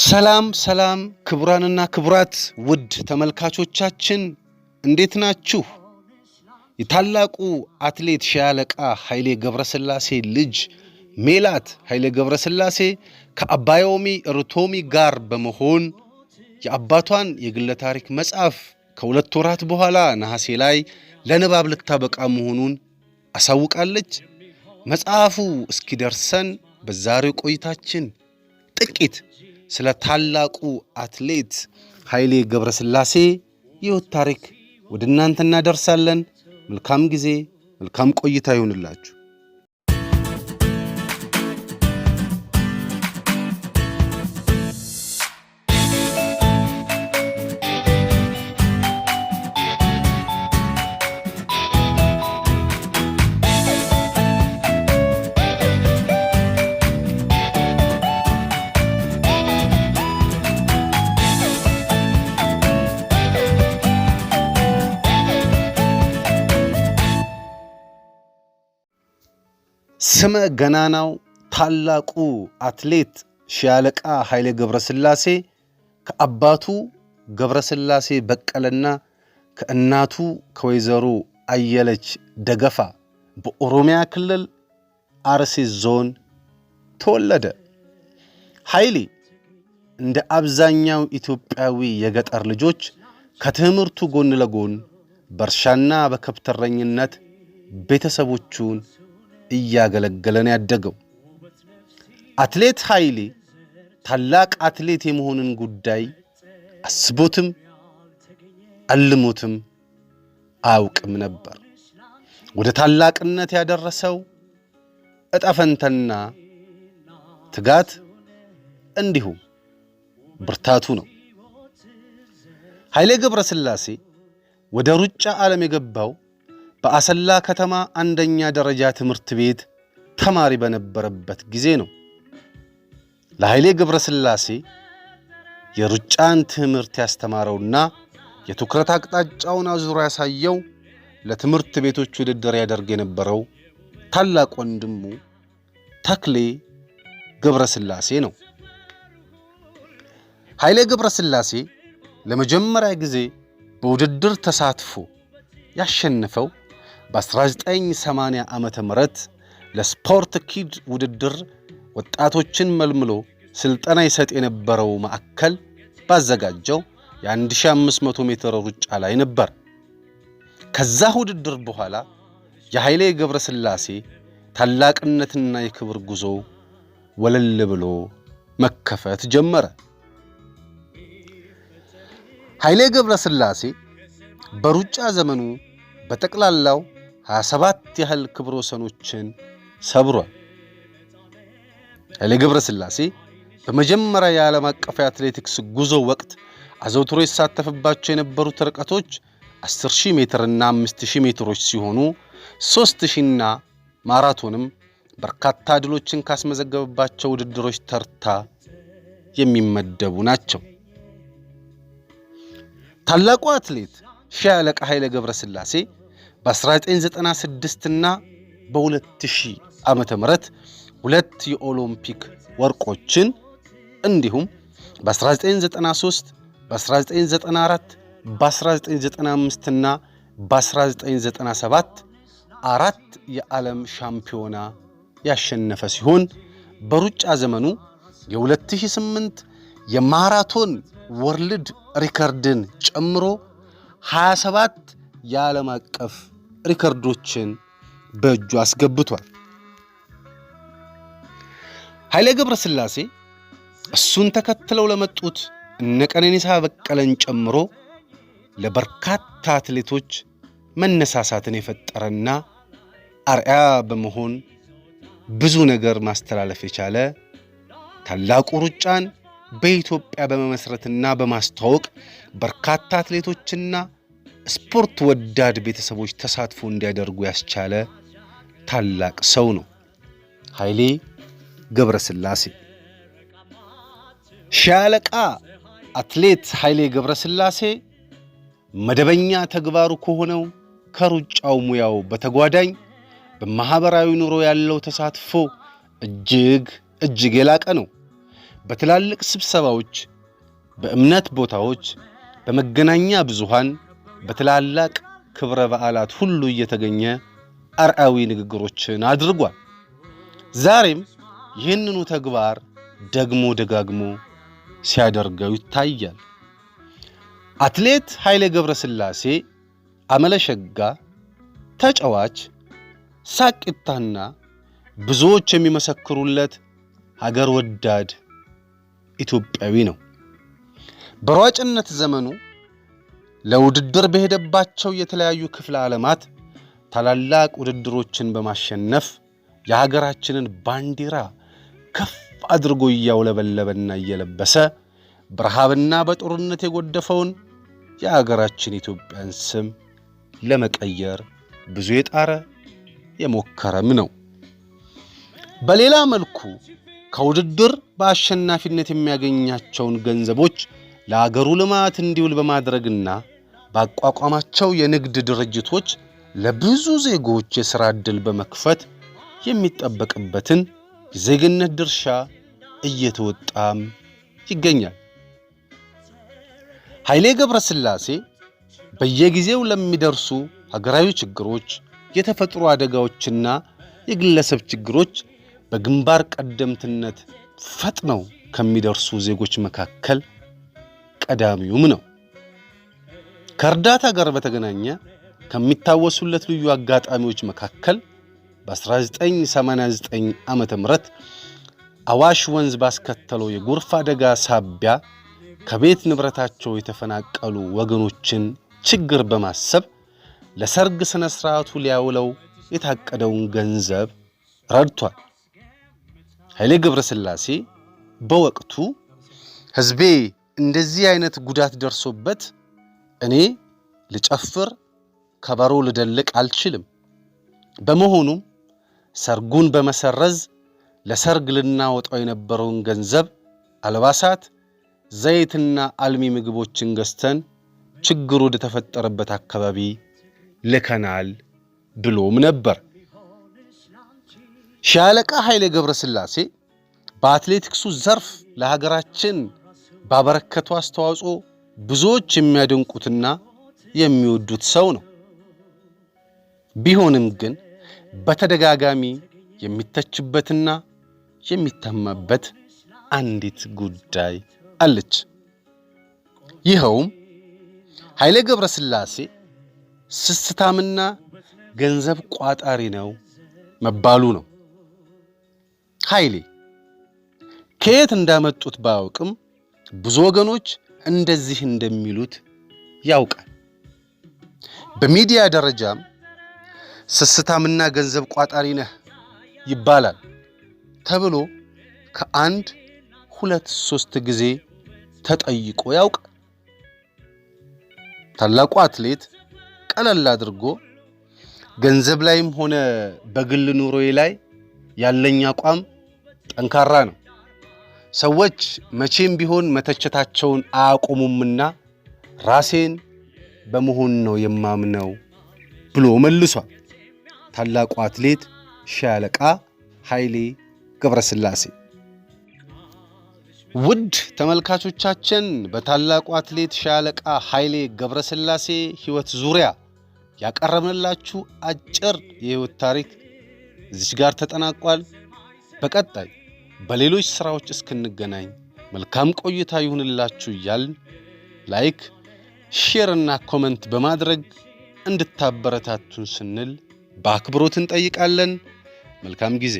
ሰላም ሰላም ክቡራንና ክቡራት ውድ ተመልካቾቻችን እንዴት ናችሁ? የታላቁ አትሌት ሻለቃ ኃይሌ ገብረስላሴ ልጅ ሜላት ኃይሌ ገብረስላሴ ከአባዮሚ ርቶሚ ጋር በመሆን የአባቷን የግለ ታሪክ መጽሐፍ ከሁለት ወራት በኋላ ነሐሴ ላይ ለንባብ ልታበቃ መሆኑን አሳውቃለች። መጽሐፉ እስኪደርሰን በዛሬው ቆይታችን ጥቂት ስለ ታላቁ አትሌት ኃይሌ ገብረስላሴ የሕይወት ታሪክ ወደ እናንተ እናደርሳለን። መልካም ጊዜ፣ መልካም ቆይታ ይሁንላችሁ። ስመ ገናናው ታላቁ አትሌት ሻለቃ ኃይሌ ገብረስላሴ ከአባቱ ገብረስላሴ በቀለና ከእናቱ ከወይዘሮ አየለች ደገፋ በኦሮሚያ ክልል አርሲ ዞን ተወለደ። ኃይሌ እንደ አብዛኛው ኢትዮጵያዊ የገጠር ልጆች ከትምህርቱ ጎን ለጎን በእርሻና በከብት እረኝነት ቤተሰቦቹን እያገለገለን ያደገው። አትሌት ኃይሌ ታላቅ አትሌት የመሆንን ጉዳይ አስቦትም አልሞትም አያውቅም ነበር። ወደ ታላቅነት ያደረሰው እጠፈንተና ትጋት እንዲሁም ብርታቱ ነው። ኃይሌ ገብረ ስላሴ ወደ ሩጫ ዓለም የገባው በአሰላ ከተማ አንደኛ ደረጃ ትምህርት ቤት ተማሪ በነበረበት ጊዜ ነው ለኃይሌ ሥላሴ የሩጫን ትምህርት ያስተማረውና የትኩረት አቅጣጫውን አዙሮ ያሳየው ለትምህርት ቤቶች ውድድር ያደርግ የነበረው ታላቅ ወንድሙ ተክሌ ገብረስላሴ ነው። ኃይሌ ገብረስላሴ ለመጀመሪያ ጊዜ በውድድር ተሳትፎ ያሸነፈው በ1980 ዓ ም ለስፖርት ኪድ ውድድር ወጣቶችን መልምሎ ስልጠና ይሰጥ የነበረው ማዕከል ባዘጋጀው የ1500 ሜትር ሩጫ ላይ ነበር። ከዛ ውድድር በኋላ የኃይሌ ሥላሴ ታላቅነትና የክብር ጉዞ ወለል ብሎ መከፈት ጀመረ። ኃይሌ ሥላሴ በሩጫ ዘመኑ በጠቅላላው 27 ያህል ክብረ ወሰኖችን ሰብሯል። ኃይሌ ገብረሥላሴ በመጀመሪያ የዓለም አቀፍ የአትሌቲክስ ጉዞ ወቅት አዘውትሮ ይሳተፍባቸው የነበሩት ርቀቶች 10000 ሜትርና 5000 ሜትሮች ሲሆኑ 3000ና ማራቶንም በርካታ ድሎችን ካስመዘገበባቸው ውድድሮች ተርታ የሚመደቡ ናቸው። ታላቁ አትሌት ሺህ አለቃ ኃይለ ገብረሥላሴ በ1996 እና በ2000 ዓመተ ምህረት ሁለት የኦሎምፒክ ወርቆችን እንዲሁም በ1993 በ1994 በ1995 እና በ1997 አራት የዓለም ሻምፒዮና ያሸነፈ ሲሆን በሩጫ ዘመኑ የ2008 የማራቶን ወርልድ ሪከርድን ጨምሮ 27 የዓለም አቀፍ ሪከርዶችን በእጁ አስገብቷል። ኃይሌ ገብረስላሴ እሱን ተከትለው ለመጡት እነ ቀነኒሳ በቀለን ጨምሮ ለበርካታ አትሌቶች መነሳሳትን የፈጠረና አርያ በመሆን ብዙ ነገር ማስተላለፍ የቻለ ታላቁ ሩጫን በኢትዮጵያ በመመስረትና በማስተዋወቅ በርካታ አትሌቶችና ስፖርት ወዳድ ቤተሰቦች ተሳትፎ እንዲያደርጉ ያስቻለ ታላቅ ሰው ነው ኃይሌ ገብረስላሴ። ሻለቃ አትሌት ኃይሌ ገብረስላሴ መደበኛ ተግባሩ ከሆነው ከሩጫው ሙያው በተጓዳኝ በማኅበራዊ ኑሮ ያለው ተሳትፎ እጅግ እጅግ የላቀ ነው። በትላልቅ ስብሰባዎች፣ በእምነት ቦታዎች፣ በመገናኛ ብዙሃን በትላላቅ ክብረ በዓላት ሁሉ እየተገኘ አርአዊ ንግግሮችን አድርጓል። ዛሬም ይህንኑ ተግባር ደግሞ ደጋግሞ ሲያደርገው ይታያል። አትሌት ኃይሌ ሥላሴ አመለሸጋ፣ ተጫዋች፣ ሳቂታና ብዙዎች የሚመሰክሩለት ሀገር ወዳድ ኢትዮጵያዊ ነው። በሯጭነት ዘመኑ ለውድድር በሄደባቸው የተለያዩ ክፍለ ዓለማት ታላላቅ ውድድሮችን በማሸነፍ የሀገራችንን ባንዲራ ከፍ አድርጎ እያውለበለበና እየለበሰ በረሃብና በጦርነት የጎደፈውን የሀገራችን ኢትዮጵያን ስም ለመቀየር ብዙ የጣረ የሞከረም ነው። በሌላ መልኩ ከውድድር በአሸናፊነት የሚያገኛቸውን ገንዘቦች ለአገሩ ልማት እንዲውል በማድረግና ባቋቋማቸው የንግድ ድርጅቶች ለብዙ ዜጎች የሥራ ዕድል በመክፈት የሚጠበቅበትን የዜግነት ድርሻ እየተወጣም ይገኛል። ኃይሌ ገብረስላሴ በየጊዜው ለሚደርሱ ሀገራዊ ችግሮች፣ የተፈጥሮ አደጋዎችና የግለሰብ ችግሮች በግንባር ቀደምትነት ፈጥነው ከሚደርሱ ዜጎች መካከል ቀዳሚውም ነው። ከእርዳታ ጋር በተገናኘ ከሚታወሱለት ልዩ አጋጣሚዎች መካከል በ1989 ዓ ም አዋሽ ወንዝ ባስከተለው የጎርፍ አደጋ ሳቢያ ከቤት ንብረታቸው የተፈናቀሉ ወገኖችን ችግር በማሰብ ለሰርግ ሥነ ሥርዓቱ ሊያውለው የታቀደውን ገንዘብ ረድቷል። ኃይሌ ገብረ ሥላሴ በወቅቱ ሕዝቤ እንደዚህ አይነት ጉዳት ደርሶበት እኔ ልጨፍር፣ ከበሮ ልደልቅ አልችልም። በመሆኑም ሰርጉን በመሰረዝ ለሰርግ ልናወጣው የነበረውን ገንዘብ አልባሳት፣ ዘይትና አልሚ ምግቦችን ገዝተን ችግሩ ወደ ተፈጠረበት አካባቢ ልከናል ብሎም ነበር። ሻለቃ ኃይሌ ገብረስላሴ በአትሌቲክሱ ዘርፍ ለሀገራችን ባበረከቱ አስተዋጽኦ ብዙዎች የሚያደንቁትና የሚወዱት ሰው ነው። ቢሆንም ግን በተደጋጋሚ የሚተችበትና የሚታማበት አንዲት ጉዳይ አለች። ይኸውም ኃይሌ ገብረስላሴ ስስታምና ገንዘብ ቋጣሪ ነው መባሉ ነው። ኃይሌ ከየት እንዳመጡት ባያውቅም ብዙ ወገኖች እንደዚህ እንደሚሉት ያውቃል። በሚዲያ ደረጃም ስስታምና ገንዘብ ቋጣሪ ነህ ይባላል ተብሎ ከአንድ ሁለት ሶስት ጊዜ ተጠይቆ ያውቃል። ታላቁ አትሌት ቀለል አድርጎ ገንዘብ ላይም ሆነ በግል ኑሮዬ ላይ ያለኝ አቋም ጠንካራ ነው ሰዎች መቼም ቢሆን መተቸታቸውን አያቆሙምና ራሴን በመሆን ነው የማምነው ብሎ መልሷል ታላቁ አትሌት ሻለቃ ኃይሌ ገብረስላሴ። ውድ ተመልካቾቻችን በታላቁ አትሌት ሻለቃ ኃይሌ ገብረስላሴ ሕይወት ዙሪያ ያቀረብንላችሁ አጭር የሕይወት ታሪክ እዚች ጋር ተጠናቋል። በቀጣይ በሌሎች ስራዎች እስክንገናኝ መልካም ቆይታ ይሁንላችሁ እያል ላይክ፣ ሼር እና ኮመንት በማድረግ እንድታበረታቱን ስንል በአክብሮት እንጠይቃለን። መልካም ጊዜ